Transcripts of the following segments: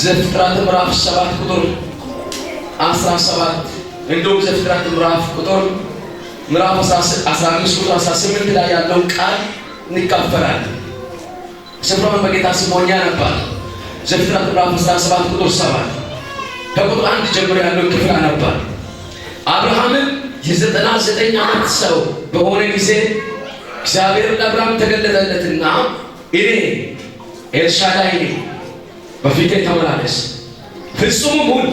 ዘፍጥረት ምዕራፍ 7 ቁጥር 17 እንዲሁም ዘፍጥረት ምዕራፍ ቁጥር ምዕራፍ 15 ቁጥር 18 ላይ ያለውን ቃል እንካፈላለን። ስፍራውን በጌታ ስም ሆኜ አነባለሁ። ዘፍጥረት ምዕራፍ 17 ቁጥር 7 ከቁጥር አንድ ጀምሮ ያለውን ክፍል አነባለሁ። አብርሃምም የዘጠና ዘጠኝ ዓመት ሰው በሆነ ጊዜ እግዚአብሔር ለአብርሃም ተገለጠለትና እኔ ኤልሻዳይ ነኝ በፊቴ ተመላለስ፣ ፍጹምም ሁን፣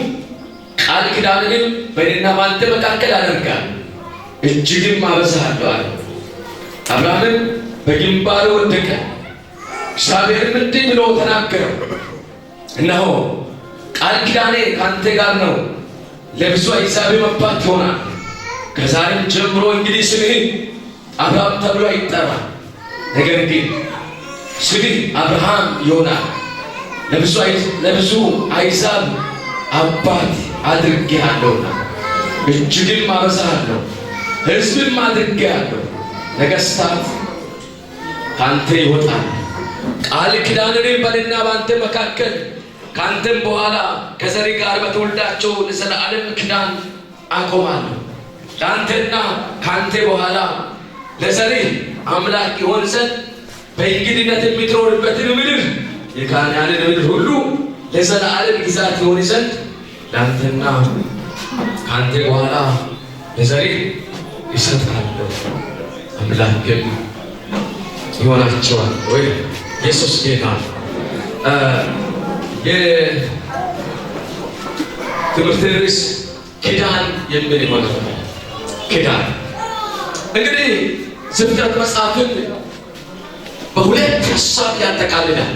ቃል ኪዳንንም በእኔና በአንተ መካከል አደርጋለሁ፣ እጅግም አበዛሃለሁ አለ። አብርሃምም በግንባሩ ወደቀ። እግዚአብሔርም እንዲህ ብሎ ተናገረው፣ እነሆ ቃል ኪዳኔ ከአንተ ጋር ነው፣ ለብዙ አሕዛብ መባት ትሆናል። ከዛሬም ጀምሮ እንግዲህ ስምህ አብርሃም ተብሎ አይጠራ፣ ነገር ግን ስምህ አብርሃም ይሆናል ለብዙ አሕዛብ አባት አድርጌሃለሁና እጅግም አበዛሃለሁ፣ ሕዝብም አድርጌሃለሁ። ነገሥታት ካንተ ይወጣል፣ ቃል ኪዳንንም በእኔና በአንተ መካከል ካንተም በኋላ ከዘሬ ጋር በተወልዳቸው ለዘላለም ኪዳን አቆማለሁ። ለአንተና ካንተ በኋላ ለዘሬ አምላክ ይሆን ዘንድ በእንግድነት የምትኖርበትን ምድር የካናንን ምድር ሁሉ ለዘላለም ግዛት ይሆን ዘንድ ለአንተና ከአንተ በኋላ ለዘሬ ይሰጣለሁ። አምላክም ይሆናቸዋል። ወይ ኢየሱስ ጌታ የትምህርት ርዕስ ኪዳን የሚል ይሆናል። ኪዳን እንግዲህ ዘፍጥረት መጽሐፍን በሁለት ሀሳብ ያጠቃልላል።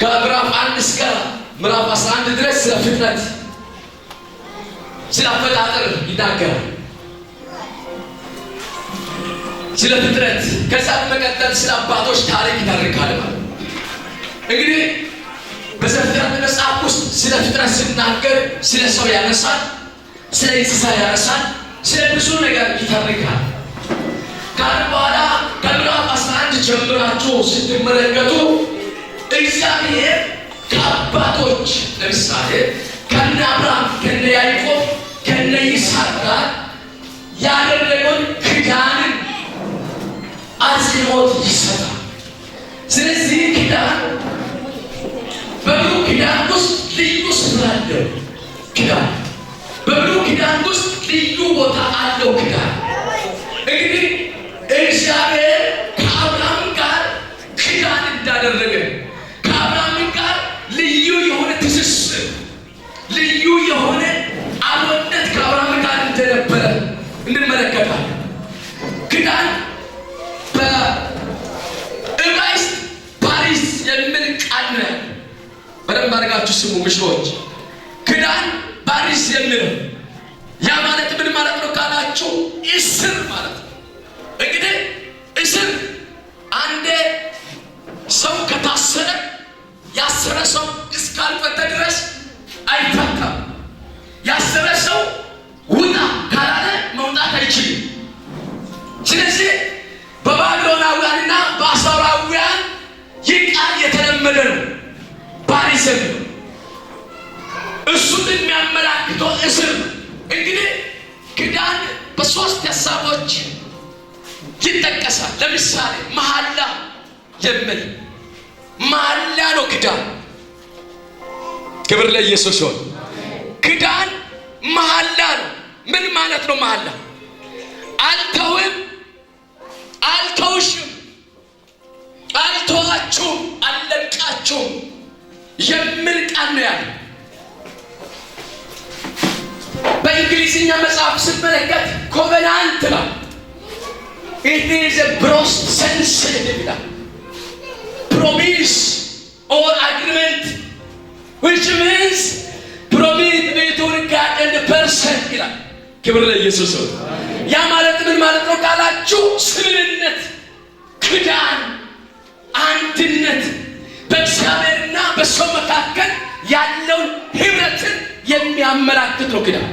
ከምዕራፍ አንድ እስከ ምዕራፍ 11 ድረስ ስለ ፍጥነት ስለ አፈጣጠር ይናገራል። ስለ ፍጥረት ከዛ በመቀጠል ስለ አባቶች ታሪክ ይታርካል ማለት እንግዲህ በዘፍጥረት መጽሐፍ ውስጥ ስለ ፍጥረት ስናገር ስለ ሰው ያነሳል፣ ስለ እንስሳ ያነሳል፣ ስለ ብዙ ነገር ይታርካል። ከአሁን በኋላ ከምዕራፍ አስራ አንድ ጀምራችሁ ስትመለከቱ እግዚአብሔር ከአባቶች ለምሳሌ ከነ አብርሃም ከነ ያዕቆብ ከነ ይስሐቅ ጋር ያደረገውን ኪዳንን አጽንኦት ይሰጣል። ስለዚህ ኪዳን በብሉይ ኪዳን ውስጥ ልዩ ስፍራ አለው። ኪዳን በብሉይ ኪዳን ውስጥ ልዩ ቦታ አለው። ኪዳን እንግዲህ እግዚአብሔር ከአብርሃም ጋር ክዳን እንዳደረገ ከአብርሃም ጋር ልዩ የሆነ ትስስር፣ ልዩ የሆነ አብሮነት ከአብርሃም ጋር እንደነበረ እንመለከታለን። ክዳን በዕብራይስጥ ፓሪስ የሚል ቃል ነው። በደንብ አድርጋችሁ ስሙ ምሽሮች። ኪዳን ፓሪስ የሚለው ያ ማለት ምን ማለት ነው ካላችሁ፣ እስር ማለት ነው። እንግዲህ እስር አንዴ ሰው ከታሰረ ያሰረ ሰው ይጠቀሳል። ለምሳሌ መሐላ የሚል መሐላ ነው ክዳን። ክብር ለኢየሱስ ይሁን። ክዳን መሐላ ነው። ምን ማለት ነው? መሐላ አልተውም፣ አልተውሽም፣ አልተዋችሁም፣ አልለቃችሁም የሚል ቃል ነው ያለ በእንግሊዝኛ መጽሐፍ ስመለከት ኮቨናንት ነው። It is a gross sensitive Promise or agreement which means promise between God and the person ክብር ለኢየሱስ። ያ ማለት ምን ማለት ነው ካላችሁ ስምምነት፣ ክዳን፣ አንድነት በእግዚአብሔርና በሰው መካከል ያለውን ህብረትን የሚያመላክት ነው። ክዳን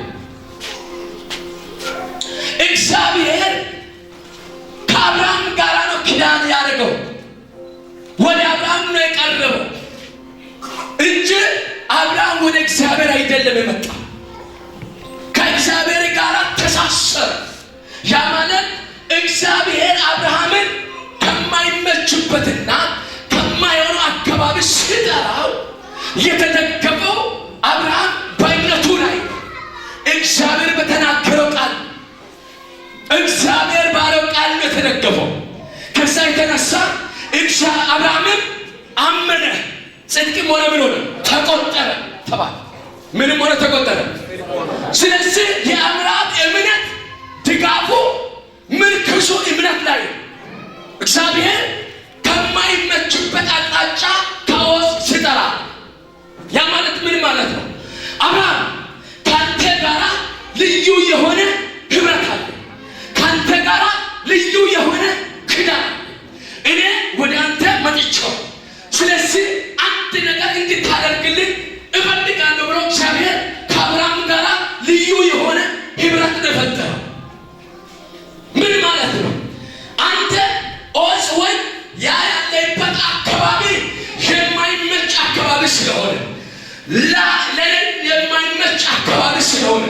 እግዚአብሔር ከአብርሃም ጋር ነው ኪዳን ያደረገው። ወደ አብርሃም ነው የቀረበው እንጂ አብርሃም ወደ እግዚአብሔር አይደለም የመጣ ከእግዚአብሔር ጋር ተሳሰረ። ያ ማለት እግዚአብሔር አብርሃምን ከማይመችበትና ከማይሆነው አካባቢ ሲጠራው የተደገፈው አብርሃም በእምነቱ ላይ እግዚአብሔር በተናገረው ቃል እግዚአብሔር ባለው ቃል ነው የተደገፈው። ከዛ የተነሳ እግሻ አብርሃምም አመነ ጽድቅም ሆነ ምን ሆነ ተቆጠረ ተባለ። ምንም ሆነ ተቆጠረ። ስለዚህ የአብርሃም እምነት ድጋፉ ምርክሱ እምነት ላይ እግዚአብሔር ከማይመችበት አቅጣጫ ከወስ ሲጠራ ያ ማለት ምን ማለት ነው? አብርሃም ካንተ ጋራ ልዩ የሆነ ልዩ የሆነ ክዳን እኔ ወደ አንተ መጥቼው ስለዚህ አንድ ነገር እንድታደርግልኝ እፈልጋለሁ ብሎ እግዚአብሔር ከአብርሃም ጋር ልዩ የሆነ ህብረት ተፈጠረ። ምን ማለት ነው? አንተ ኦጽ ወይ ያ ያለበት አካባቢ የማይመች አካባቢ ስለሆነ ለእኔ የማይመች አካባቢ ስለሆነ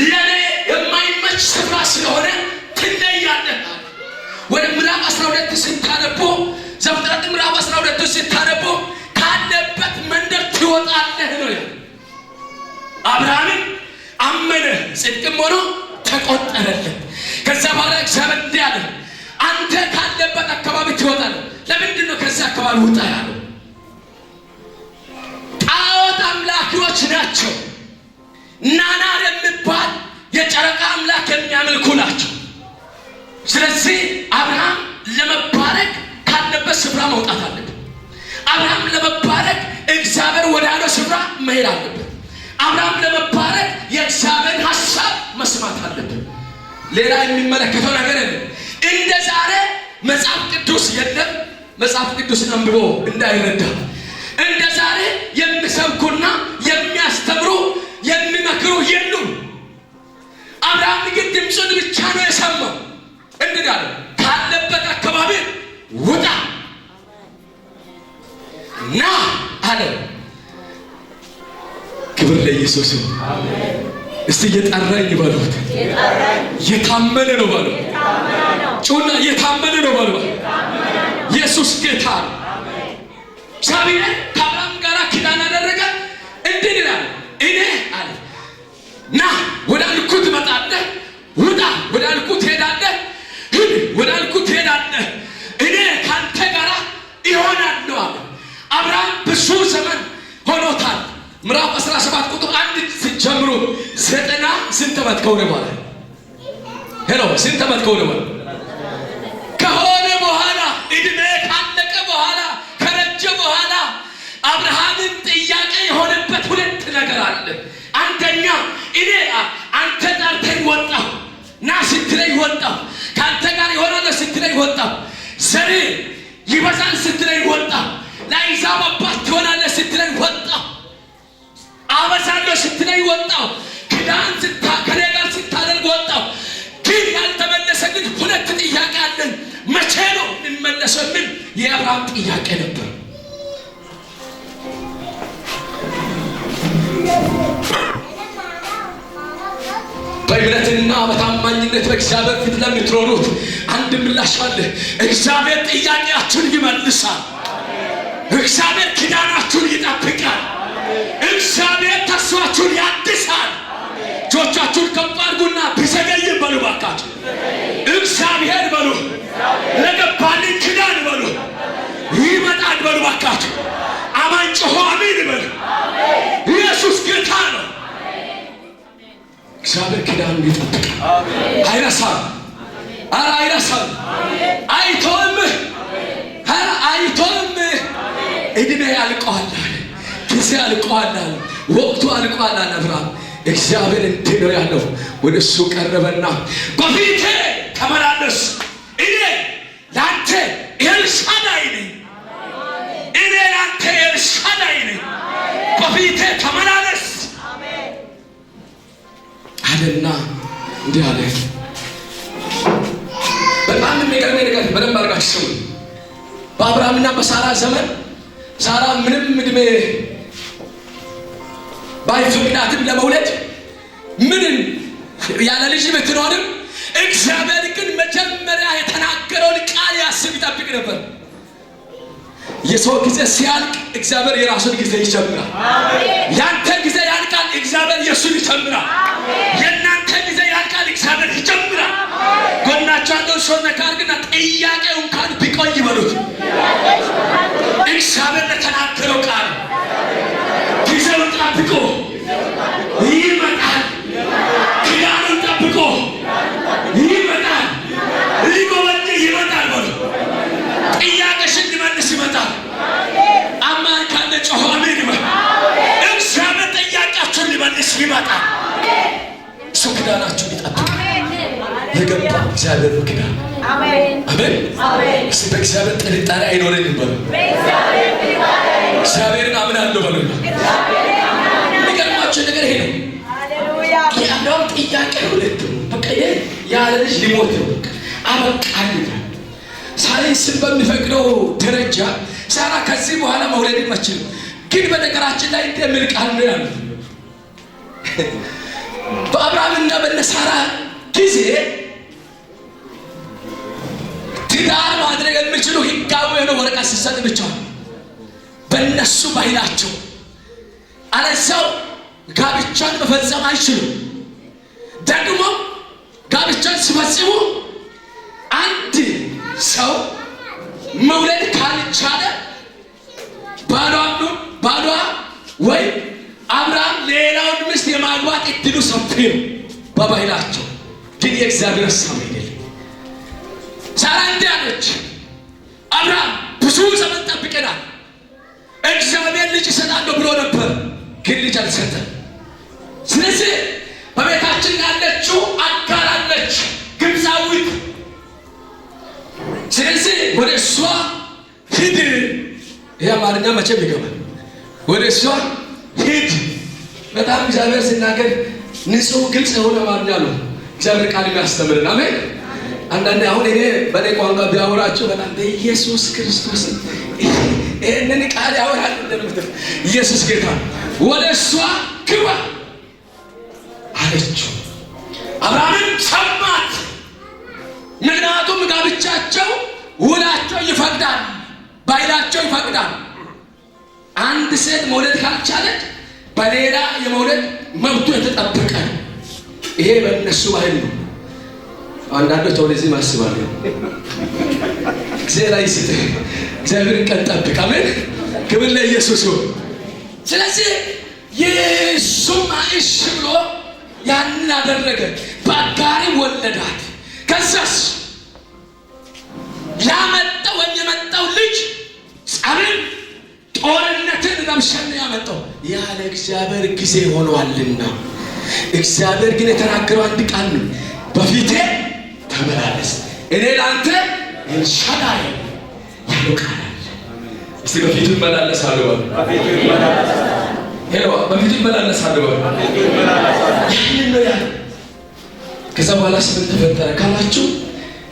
ለእኔ የማይመች ስፍራ ስለሆነ ሁለት ስታነቦ ዘፍጥረት ምዕራፍ አስራ ስታነቦ ካለበት መንደር ትወጣለህ ነው አብርሃምን አመነ ጽድቅም ሆኖ ተቆጠረለት። ከዛ በኋላ እግዚአብሔር እንዲህ አለ፣ አንተ ካለበት አካባቢ ትወጣለህ። ለምንድን ነው አካባቢ ውጣ ጣዖት አምላኪዎች ናቸው። ናና የሚባል የጨረቃ አምላክ የሚያመልኩ ናቸው። ስለዚህ አብርሃም ለመባረክ ካለበት ስፍራ መውጣት አለብን። አብርሃም ለመባረክ እግዚአብሔር ወዳለው ስፍራ መሄድ አለብን። አብርሃም ለመባረክ የእግዚአብሔር ሀሳብ መስማት አለብን። ሌላ የሚመለከተው ነገር የለም። እንደ ዛሬ መጽሐፍ ቅዱስ የለም። መጽሐፍ ቅዱስን አንብቦ እንዳይረዳ እንደ ዛሬ የሚሰብኩና የሚያስተምሩ የሚመክሩ የሉም። አብርሃም ግን ድምፁን ብቻ ነው የሰማው እንድዳለ ካለበት አካባቢ ውጣ ና አለ። ክብር ለኢየሱስ። እስቲ የጠራኝ ባሉት የታመነ ነው ባሉ ጮና የታመነ ነው ባሉ ኢየሱስ ጌታ እግዚአብሔር ከአብርሃም ጋር ኪዳን አደረገ። እንድን ይላል እኔ አለ ና ወደ አልኩት መጣለ ውጣ ወደ አልኩ አብርሃም ብዙ ዘመን ሆኖታል። ምዕራፍ 17 ቁጥር አንድ ጀምሮ ዘጠና ስንት ዓመት ከሆነ በኋላ ሄሎ ስንት ዓመት ከሆነ በኋላ ከሆነ በኋላ እድሜ ካለቀ በኋላ ከረጀ በኋላ አብርሃምን ጥያቄ የሆነበት ሁለት ነገር አለ። አንደኛ እኔ አንተ ጠርተ የአሕዛብ አባት ትሆናለህ ስትለኝ ወጣሁ። አበሳለሁ ስትለኝ ወጣሁ። ክዳን ከኔ ጋር ስታደርግ ወጣሁ። ግን ያልተመለሰልን ሁለት ጥያቄ አለን። መቼ ነው እንመለሰልን? የአብርሃም ጥያቄ ነበር። በእምነትና በታማኝነት በእግዚአብሔር ፊት ለምትኖሩት አንድ ምላሽ አለ። እግዚአብሔር ጥያቄያችሁን ይመልሳል። እግዚአብሔር ኪዳናችሁን ይጠብቃል። እግዚአብሔር ተስፋችሁን ያድሳል። እጆቻችሁን ከፍ አድርጉና ቢዘገይም በሉ ባካችሁ እግዚአብሔር በሉ ለገባልኝ ኪዳን በሉ ይመጣል በሉ ባካችሁ አማን ጮሆ አሜን በሉ። ኢየሱስ ጌታ ነው። እግዚአብሔር ኪዳኑን ይጠብቃል፣ አይረሳም። እድሜ አልቀዋል አለ። ጊዜ አልቀዋል አለ። ወቅቱ አልቀዋል አለ። አብርሃም እግዚአብሔር እንዲህ ነው ያለው። ወደ እሱ ቀረበና በፊቴ ተመላለስ፣ እኔ ለአንተ ኤልሳዳይ ነኝ፣ እኔ ለአንተ ኤልሳዳይ ነኝ፣ በፊቴ ተመላለስ አለና እንዲህ አለ። በጣም የሚገርመኝ ነገር በደንብ አድርጋችሁ ስሙ። በአብርሃምና በሳራ ዘመን ሳራ ምንም እድሜ ባይፈቅዳትም ለመውለድ ምንም ያለ ልጅ ብትኖርም እግዚአብሔር ግን መጀመሪያ የተናገረውን ቃል ያስብ ይጠብቅ ነበር። የሰው ጊዜ ሲያልቅ እግዚአብሔር የራሱን ጊዜ ይጀምራል። ያንተ ጊዜ ያልቃል፣ እግዚአብሔር የእሱን ይጀምራል። የእናንተ ጊዜ ያልቃል፣ እግዚአብሔር ይጀምራል። በእናቸው አንተው ሰውነት ጥያቄው እንኳን ቢቆይ ይበሉት። እግዚአብሔር ለተናገረው ቃል ጊዜውን ጠብቆ ይመጣል። ጠብቆ ይመጣል። ሊጎበኝ ይመጣል። በሉ ይመጣል። አማን ካለ ጮሆ አሜን ይበል። እግዚአብሔር ጥያቄያችሁን ሊመልስ ይመጣል። እሱ ይጠብቃል። የገባ እግዚአብሔር ነው ኪዳን። አሜን። አሜን። እስቲ በእግዚአብሔር ጥርጣሬ አይኖረን ይበሉ። እግዚአብሔርን አምናለሁ በሉ። የሚገርማቸው ነገር ይሄ ነው። ያለው ጥያቄ ሁለት ነው። በቃ ያለ ልጅ ሊሞት ነው። አበቃኝ ሳይንስን በሚፈቅደው ደረጃ ሳራ ከዚህ በኋላ መውለድ መችል ግን በነገራችን ላይ እንደምል ቃል ነው ያሉት በአብርሃምና በነሳራ ጊዜ ትዳር ማድረግ የሚችሉ ህጋዊ የሆነ ወረቀት ሲሰጥ ብቻ በእነሱ ባይናቸው አለዚያው ጋብቻን መፈጸም አይችሉም። ደግሞ ጋብቻን ሲፈጽሙ አንድ ሰው መውለድ ካልቻለ ባሏሉ ባሏ ወይ አብርሃም ሌላውን ሚስት የማግባት እድሉ ሰፊ ነው። በባህላቸው ግን የእግዚአብሔር ሰው ሳራ እንዲያለች አብርሃም ብዙ ዘመን ጠብቀናል፣ እግዚአብሔር ልጅ ይሰጣለሁ ብሎ ነበር፣ ግን ልጅ አልሰጠም። ስለዚህ በቤታችን ያለችው አጋር አለች፣ ግብፃዊት። ስለዚህ ወደ እሷ ሂድ። ይህ አማርኛ መቼም ይገባል። ወደ እሷ ሂድ። በጣም እግዚአብሔር ሲናገር ንጹሕ ግልጽ የሆነ አማርኛ ነው። እግዚአብሔር ቃል የሚያስተምርን አሜን አንዳንድ አሁን እኔ በእኔ ቋንቋ ቢያወራቸው በጣም በኢየሱስ ክርስቶስ ይህንን ቃል ያወራል። እንደምትል ኢየሱስ ጌታ ወደ እሷ ግባ አለችው። አብርሃምን ሰማት። ምክንያቱም ጋብቻቸው ውላቸው ይፈቅዳል፣ ባይላቸው ይፈቅዳል። አንድ ሴት መውለድ ካልቻለች በሌላ የመውለድ መብቱ የተጠበቀ ነው። ይሄ በእነሱ ባህል ነው። አንዳንዶች ወደዚህ ማስባሉ ዜና ይስጥ እግዚአብሔር ቀን ጠብቅ። አሜን። ክብር ለኢየሱስ ይሁን። ስለዚህ የሱማ እሺ ብሎ ያንን አደረገ። በአጋሪ ወለዳት። ከዛስ ያመጣው ወይ የመጣው ልጅ ጸብን፣ ጦርነትን፣ ረብሸን ያመጣው ያለ እግዚአብሔር ጊዜ ሆኗልና፣ እግዚአብሔር ግን የተናገረው አንድ ቃል ነው በፊቴ እኔ ለአንተ ኤልሻዳይ ያለው ቃል አለ። እስቲ በፊቱ ይመላለሳሉ በፊቱ ይመላለሳሉ በሉ። ነው ያለ። ከዛ በኋላ ስምን ተፈጠረ ካላችሁ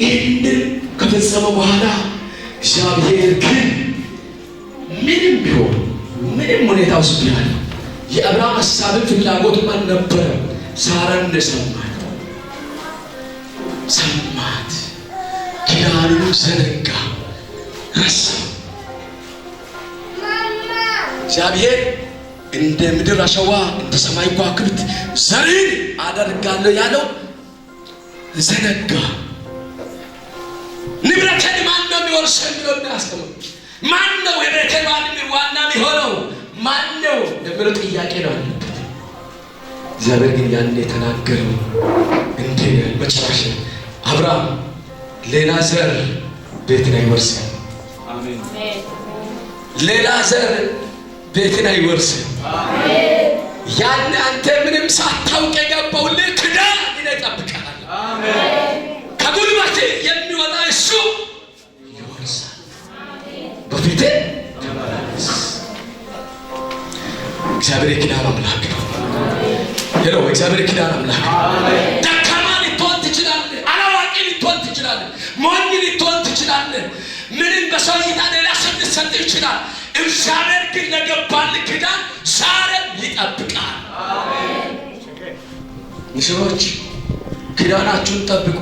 ይህንን ከፈጸመ በኋላ እግዚአብሔር ግን ምንም ቢሆን ምንም ሁኔታ ውስጥ ያለ የአብርሃም ሀሳብን ፍላጎት ማን ነበረ? ሳራን ሰማት ሰማት ኪዳኑ ዘረጋ ረሳ። እግዚአብሔር እንደ ምድር አሸዋ እንደ ሰማይ ከዋክብት ዘርን አደርጋለሁ ያለው ዘነጋ። ንብረትን ማን ነው የሚወርሰው የሚለው ያስቀምጥ። ማን ነው የቤቴ ዋና የሚሆነው ማን ነው የሚለው ጥያቄ ነው አለበት። እግዚአብሔር ግን ያን የተናገረው እንዴ በጭራሽ አብርሃም ሌላ ዘር ቤትን አይወርስም። ሌላ ዘር ቤትን አይወርስም። ያን አንተ ምንም ሳታውቅ የገባው ልክዳ ይጠብቃል። ከጉልበት የሚወጣ እሱ ይወርሳል። በፊት እግዚአብሔር ኪዳን አምላክ ነው። እግዚአብሔር ኪዳን አምላክ ነው። እንችላለን። ምንም በሰው እይታ ሌላ ስም ሊሰጥ ይችላል። እግዚአብሔር ግን ለገባን ኪዳን ዛሬም ይጠብቃል። ምስሎች ኪዳናችሁን ጠብቁ።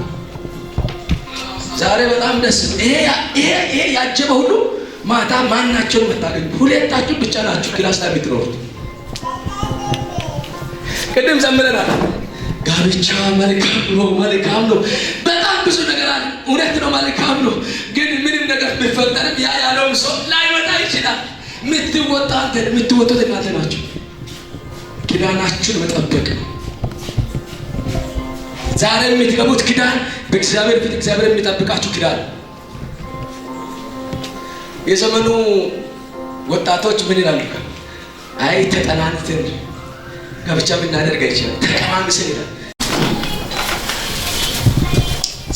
ዛሬ በጣም ደስ ይሄ ያጀበ ሁሉ ማታ ማናቸው መታገኙ ሁለታችሁ ብቻ ናችሁ ክላስ ላይ የምትኖሩት። ቅድም ዘምረናል። ጋብቻ መልካም ነው፣ መልካም ነው። በጣም ብዙ ነገር አለ። እውነት ነው፣ መልካም ነው። ቢፈጠርም ያ ያለውም ሰው ላይመጣ ይችላል። ምትወጣ የምትወጡት እናንተ ናቸው? ኪዳናችሁን መጠበቅ ዛሬ የምትገቡት ኪዳን በእግዚአብሔር ፊት እግዚአብሔር የሚጠብቃችሁ ኪዳን። የዘመኑ ወጣቶች ምን ይላሉ? አይ ተጠናንትን ጋብቻ ብናደርግ አይችላል ተቀማምስን ይላል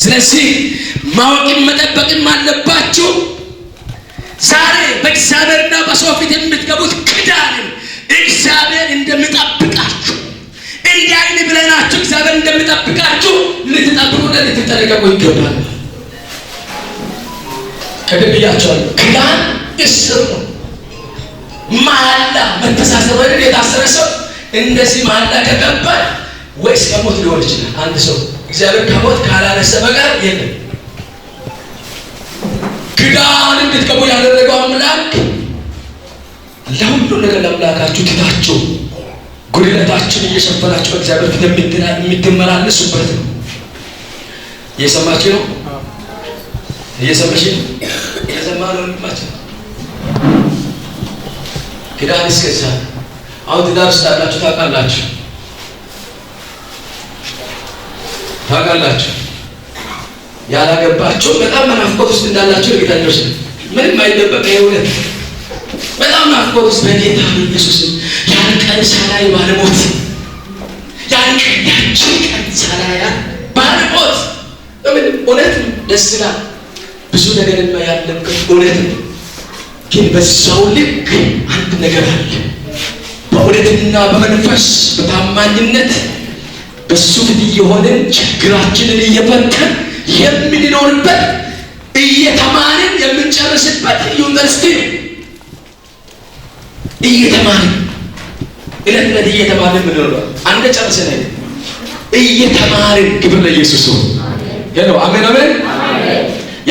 ስለዚህ ማወቅን መጠበቅም አለባችሁ። ዛሬ በእግዚአብሔርና በሰው ፊት የምትገቡት ክዳንን እግዚአብሔር እንደሚጠብቃችሁ እንዲያይን ብለናችሁ እግዚአብሔር እንደሚጠብቃችሁ ልትጠብቁ ልትጠነቀቁ ይገባል። ቅድም ክዳን እስር ነው። መሐላ መተሳሰብ ወይ የታሰረ ሰው እንደዚህ መሐላ ከገባ ወይስ ከሞት ሊሆን ይችላል አንድ ሰው እግዚአብሔር ከሞት ካላነሰ በቀር የለም። ክዳን እንድትገቡ ያደረገው አምላክ ለሁሉ ነገር ለአምላካችሁ ትታችሁ ጉድለታችሁን እየሸፈናችሁ በእግዚአብሔር ፊት የምትመላለሱበት ነው። እየሰማችሁ ነው። እየሰማሽ ነው። እየሰማ ነው። ልማችሁ ክዳን እስከዛ አሁን ትዳር ስላላችሁ ያላችሁ ታውቃላችሁ። ታውቃላችሁ። ያላገባቸው በጣም ናፍቆት ውስጥ እንዳላቸው ጌታ ምንም አይደበቀ የሆነ በጣም ናፍቆት ውስጥ በጌታ ኢየሱስም ያን ቀን ሳላይ ባለሞት ያን ቀን ያችን ቀን ሳላያ ባለሞት በምን እውነት ደስ ላ ብዙ ነገርማ ያለበት እውነት ነው። ግን በዛው ልክ አንድ ነገር አለ። በእውነትና በመንፈስ በታማኝነት በሱ ፊት እየሆንን ችግራችንን እየፈተን የምንኖርበት እየተማርን የምንጨርስበት ዩኒቨርሲቲ ነው። እየተማርን እለት እለት እየተማርን የምንኖረ አንደ ጨርስ ላይ እየተማርን ግብር ለኢየሱስ ሆ አሜን አሜን።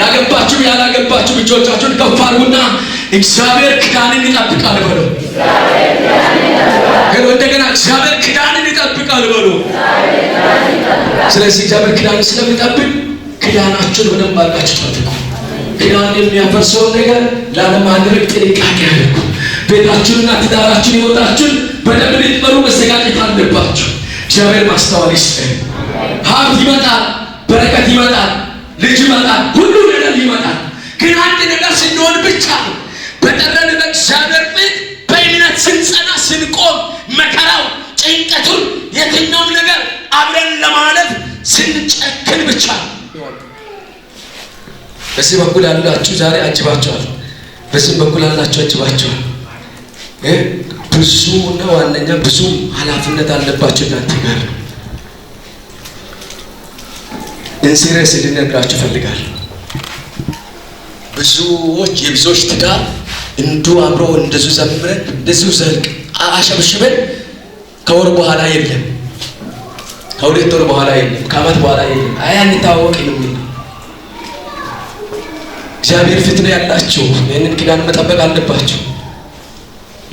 ያገባችሁ ያላገባችሁ ብቻዎቻችሁን ከፍ አድርጉና እግዚአብሔር ክዳንን ይጠብቃል በለው። እንደገና እግዚአብሔር ክዳን ይጠብቀናል በሉ። ስለዚህ እግዚአብሔር ክዳን ስለሚጠብቅ ኪዳናችሁን በደንብ አድርጋችሁ ጠብቁ። ክዳን የሚያፈርሰውን ነገር ላለማድረግ ጥንቃቄ አድርጉ። ቤታችሁንና ትዳራችሁን ይወጣችሁን በደንብ ልትመሩ መዘጋጀት አለባችሁ። እግዚአብሔር ማስተዋል ይስጠን። ሀብት ይመጣል፣ በረከት ይመጣል፣ ልጅ ይመጣል፣ ሁሉ ነገር ይመጣል። ግን አንድ ነገር ስንሆን ብቻ በጠረን በእግዚአብሔር ፊት በእምነት ስንጸና ስንቆም መከራ ጭንቀቱን የትኛውም ነገር አብረን ለማለፍ ስንጨክን ብቻ በዚህ በኩል ያላችሁ ዛሬ አጅባችኋል። በዚህም በኩል ያላችሁ አጅባችኋል። ብዙ እና ዋነኛ ብዙ ኃላፊነት አለባቸው እናንተ ጋር ኢንሲሪየስ ልነግራችሁ እፈልጋለሁ። ብዙዎች የብዙዎች ትዳር እንዱ አብረው እንደዙ ዘምረን እንደዙ ዘልቅ አሸብሽበን ከወር በኋላ የለም፣ ከሁለት ወር በኋላ የለም፣ ከአመት በኋላ የለም። አይ አንታወቅ የሚል እግዚአብሔር ፊት ነው ያላችሁ። ይህንን ኪዳን መጠበቅ አለባችሁ።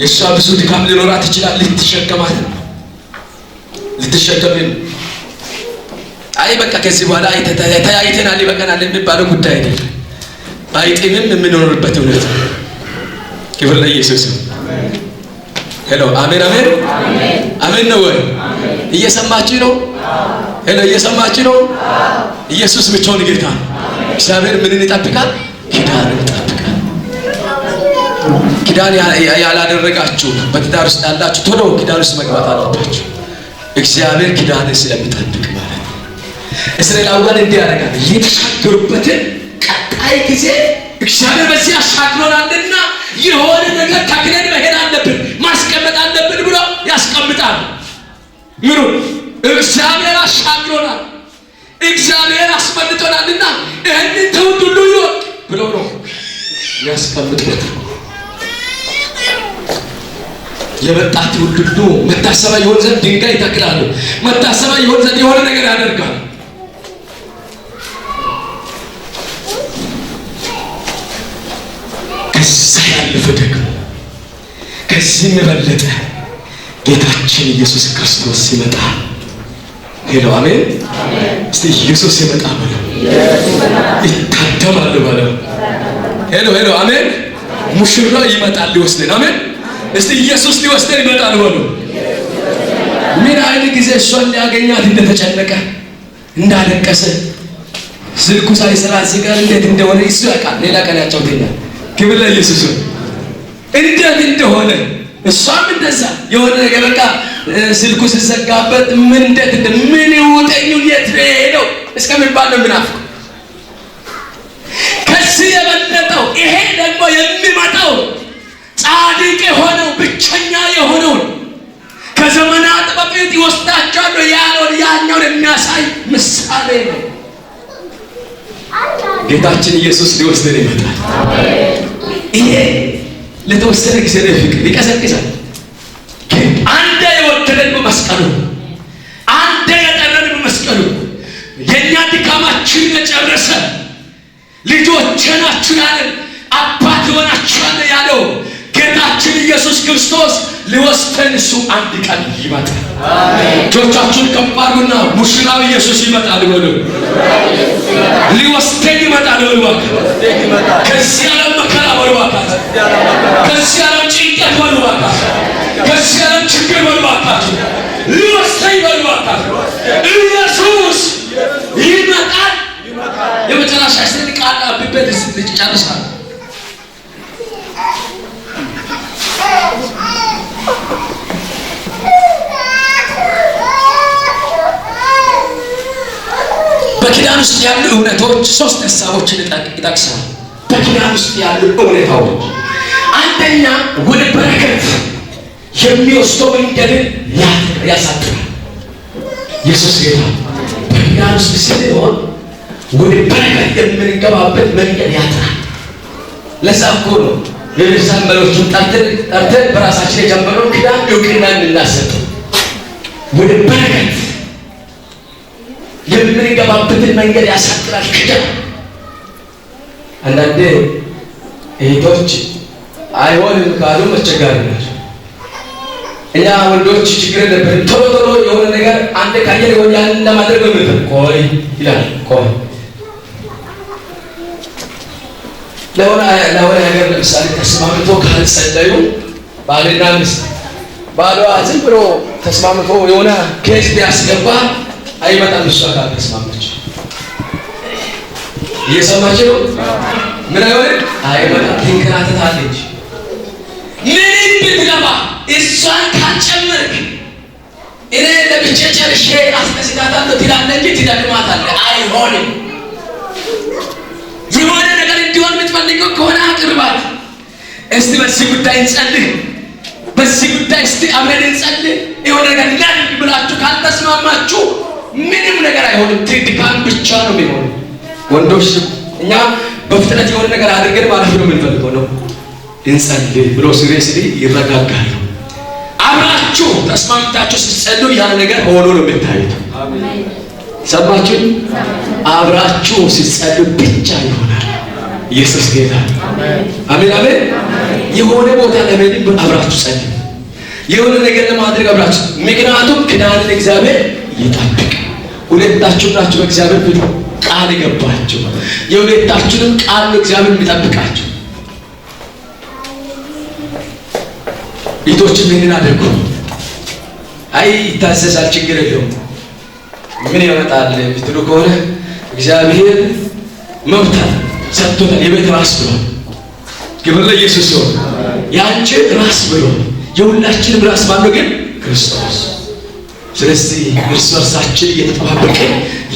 የእሷ ብዙ ድካም ሊኖራት ይችላል። ልትሸከማት ልትሸከም አይ በቃ ከዚህ በኋላ ተያይተናል ይበቃናል የሚባለው ጉዳይ አይደለም። ባይጤምም የምንኖርበት እውነት ነው። ክብር ለኢየሱስ። ሄሎ አሜን አሜን አሜን ነው ወይ? እየሰማችሁ ነው? ሄሎ እየሰማችሁ ነው? ኢየሱስ ብቻውን ጌታ እግዚአብሔር ምንን ይጠብቃል? ኪዳን ይጠብቃል። ኪዳን ያላደረጋችሁ በትዳር ውስጥ ያላችሁ ቶሎ ኪዳን ውስጥ መግባት አለባችሁ። እግዚአብሔር ኪዳንን ስለሚጠብቅ ማለት እስራኤላውያን እንዲህ ያደርጋል። የተሻገሩበትን ቀጣይ ጊዜ እግዚአብሔር በዚህ አሻግሮናልና የሆነ ነገር ተክለን መሄድ አለብን፣ ማስቀመጥ አለብን ብሎ ያስቀምጣል። ምኑ እግዚአብሔር አሻግሮናል፣ እግዚአብሔር አስመልጦናልና ይህንን ትውልድ ሁሉ ይወቅ ብሎ ነው ያስቀምጡት። የመጣ ትውልድ ሁሉ መታሰቢያ ይሆን ዘንድ ድንጋይ ይተክላሉ። መታሰባ ይሆን ዘንድ የሆነ ነገር ያደርጋል። ከዚህም የበለጠ ጌታችን ኢየሱስ ክርስቶስ ሲመጣ ሄሎ፣ አሜን። እስቲ ኢየሱስ ይመጣ ብለው ይታደማል ባለው። ሄሎ፣ ሄሎ፣ አሜን። ሙሽራ ይመጣል ሊወስደን፣ አሜን። እስቲ ኢየሱስ ሊወስደን ይመጣል በሉ። ምን አይነት ጊዜ እሷን ሊያገኛት እንደተጨነቀ እንዳለቀሰ ስልኩ ሳይሰራ እዚህ ጋር እንዴት እንደሆነ እሱ ያውቃል። ሌላ ቀን ያጫውተኛል። ክብር ለኢየሱስ። እንዴት እንደሆነ እሷም እንደዛ የሆነ ነገር በቃ ስልኩ ስዘጋበት ምን እንደት ምን ይውጠኝ የት ነው የሄደው እስከሚባል ነው ምናፍቅ። ከሱ የበለጠው ይሄ ደግሞ የሚመጣው ጻድቅ የሆነው ብቸኛ የሆነውን ከዘመናት በፊት ይወስዳቸዋል ያለውን ያኛውን የሚያሳይ ምሳሌ ነው። ጌታችን ኢየሱስ ሊወስደን ይመጣል። ይሄ ለተወሰነ ጊዜ ነው ፍቅር ይቀሰቅሳል። ግን አንዴ የወደደን በመስቀሉ አንዴ የጠረን በመስቀሉ የእኛ ድካማችን የጨረሰ ልጆቼ ናችሁ ያለን አባት የሆናችሁ ያለው ጌታችን ኢየሱስ ክርስቶስ ሊወስደን እሱ አንድ ቀን ይመጣል። እጆቻችሁን ከፍ አድርጉና ሙሽራው ኢየሱስ ይመጣል በሉ። ሊወስደን ይመጣል በሉ። ከዚህ ዓለም መከራ በሉ፣ ከዚህ ዓለም ጭንቀት በሉ፣ ከዚህ ዓለም ችግር በሉ። ሊወስደን በሉ። ኢየሱስ ይመጣል። የመጨረሻ ስን ቃል አብቤት በኪዳን ውስጥ ያሉ እውነቶች ሶስት ሀሳቦችን ይጠቅሳል። በኪዳን ውስጥ ያሉ እውነታዎች አንደኛ ወደ በረከት የሚወስደው መንገድን ያሳድራል። ኢየሱስ ጌታ በኪዳን ውስጥ ስንሆን ወደ በረከት የምንገባበት መንገድ ያጥራል። ለዛ እኮ ነው የቤተሰብ መሪዎቹን ጠርተን በራሳችን የጀመረው ኪዳን እውቅና የምናሰጠው ወደ በረከት የምንገባበትን መንገድ ያሳጥራል። ክዳ አንዳንዴ እህቶች አይሆንም ካሉ መቸጋሪ ናቸው። እኛ ወንዶች ችግር ነበር። ቶሎ ቶሎ የሆነ ነገር አንድ ካየ የሆነ ያን ለማድረግ ነው ቆይ ይላል። ቆይ ለሆነ ለሆነ ነገር ለምሳሌ ተስማምቶ ካልጸለዩ ባልና ሚስት ባሏ ዝም ብሎ ተስማምቶ የሆነ ኬዝ ቢያስገባ አይመጣም። እሷ ካልተስማማች እየሰማች ነው። ምን አይሆንም? አይመጣም። ትንከራተታለች። ምንም ብትገባ እሷን ካልጨመርክ እኔ ለብቻ ጨርሼ አስነስታታለሁ ትላለህ እንጂ ትደግማታለህ። አይሆንም። የሆነ ነገር እንዲሆን የምትፈልገው ከሆነ አቅርባት። እስቲ በዚህ ጉዳይ እንጸልይ፣ በዚህ ጉዳይ እስቲ አብረን እንጸልይ። የሆነ ነገር ብላችሁ ካልተስማማችሁ ምንም ነገር አይሆንም። ድካም ብቻ ነው የሚሆነው። ወንዶች እኛ በፍጥነት የሆነ ነገር አድርገን ማለት ነው የምንፈልገው ነው። እንጸልይ ብሎ ሲሪየስሊ ይረጋጋሉ። አብራችሁ ተስማምታችሁ ስትጸሉ ያን ነገር ሆኖ ነው የምታዩት። ሰማችሁ? አብራችሁ ስትጸልዩ ብቻ ይሆናል። ኢየሱስ ጌታ። አሜን አሜን። የሆነ ቦታ ለመሄድ አብራችሁ ጸልዩ። የሆነ ነገር ለማድረግ አብራችሁ ምክንያቱም ክዳንን እግዚአብሔር ይጠብቅ ሁለታችሁ ናችሁ በእግዚአብሔር ፊት ቃል የገባችሁ። የሁለታችሁንም ቃል ነው እግዚአብሔር የሚጠብቃችሁ። ቤቶችን ይህንን አድርጉ። አይ ይታዘዛል፣ ችግር የለውም ምን ያመጣል የምትሉ ከሆነ እግዚአብሔር መብት ሰጥቶታል። የቤት ራስ ብሎ ግብር ለኢየሱስ ሲሆን ያንቺ ራስ ብሎ የሁላችንም ራስ ባለው ግን ክርስቶስ ስለዚህ እርስ በርሳችን እየተጠባበቅን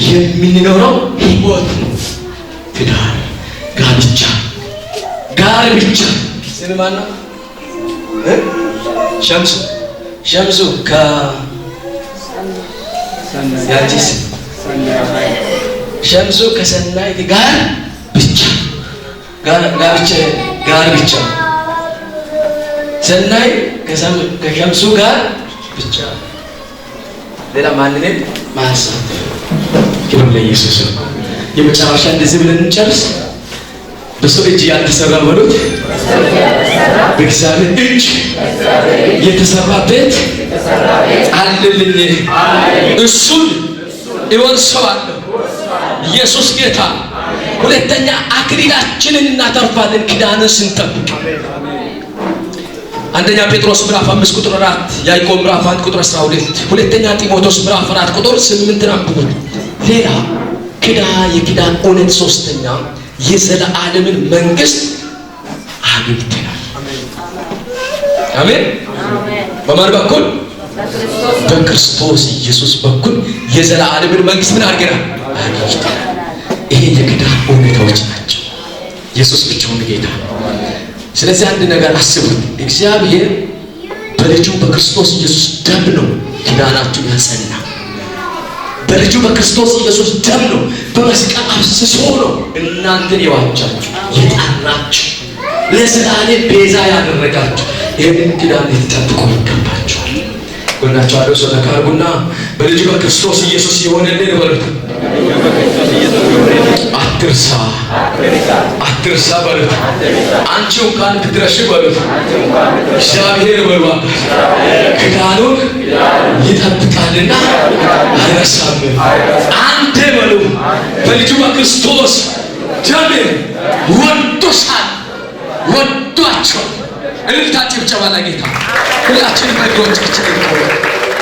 የምንኖረው ህይወት ትዳር፣ ጋብቻ ብቻ ስንማን ነው? ሸምሱ ሸምሱ ከያቺስ ሸምሱ ከሰናይት ጋር ብቻ ጋብቻ ጋር ብቻ ሰናይ ከሸምሱ ጋር ብቻ ሌላ ማንንም ማሳት ግን ለኢየሱስ ነው። የመጨረሻ እንደዚህ ብለን እንጨርስ። በሰው እጅ ያልተሰራ በሉት፣ በእግዚአብሔር እጅ የተሰራ ቤት አለልኝ፣ እሱን እወርሰዋለሁ። ኢየሱስ ጌታ። ሁለተኛ አክሊላችንን እናተርፋለን ኪዳንን ስንጠብቅ አንደኛ ጴጥሮስ ምዕራፍ 5 ቁጥር 4፣ ያዕቆብ ምዕራፍ 1 ቁጥር 12፣ ሁለተኛ ጢሞቴዎስ ምዕራፍ 4 ቁጥር 8 አንብቡ። ሌላ ክዳ የኪዳን እውነት ሶስተኛ የዘለዓለምን መንግስት አግኝተናል። አሜን። በማን በኩል? በክርስቶስ ኢየሱስ በኩል የዘለዓለምን መንግስት ምን አድርገናል? አግኝተናል። ይሄ የክዳን እውነታዎች ናቸው። ኢየሱስ ብቻውን ጌታ ስለዚህ አንድ ነገር አስቡት። እግዚአብሔር በልጁ በክርስቶስ ኢየሱስ ደም ነው ኪዳናችሁ ያጸና። በልጁ በክርስቶስ ኢየሱስ ደም ነው በመስቀል አብስሶ ነው እናንተን የዋጃችሁ የጣራችሁ ለዘላለም ቤዛ ያደረጋችሁ። ይህንን ኪዳን ልትጠብቁ ይገባችኋል። ጎናቸው አለው ሰው ተካርጉና በልጁ በክርስቶስ ኢየሱስ የሆነልን በሉት አትርሳ አትርሳ በሉት። አንቺ እንኳን ብትረሺ በሉት። እግዚአብሔር በባ ክዳኑን ይጠብቃልና አይረሳም። አንዴ በሉ በልጁ በክርስቶስ ደም ወዶሳል፣ ወዷቸዋል። እልልታ ጭብጨባ ለጌታ ሁላችን በእጆቻችን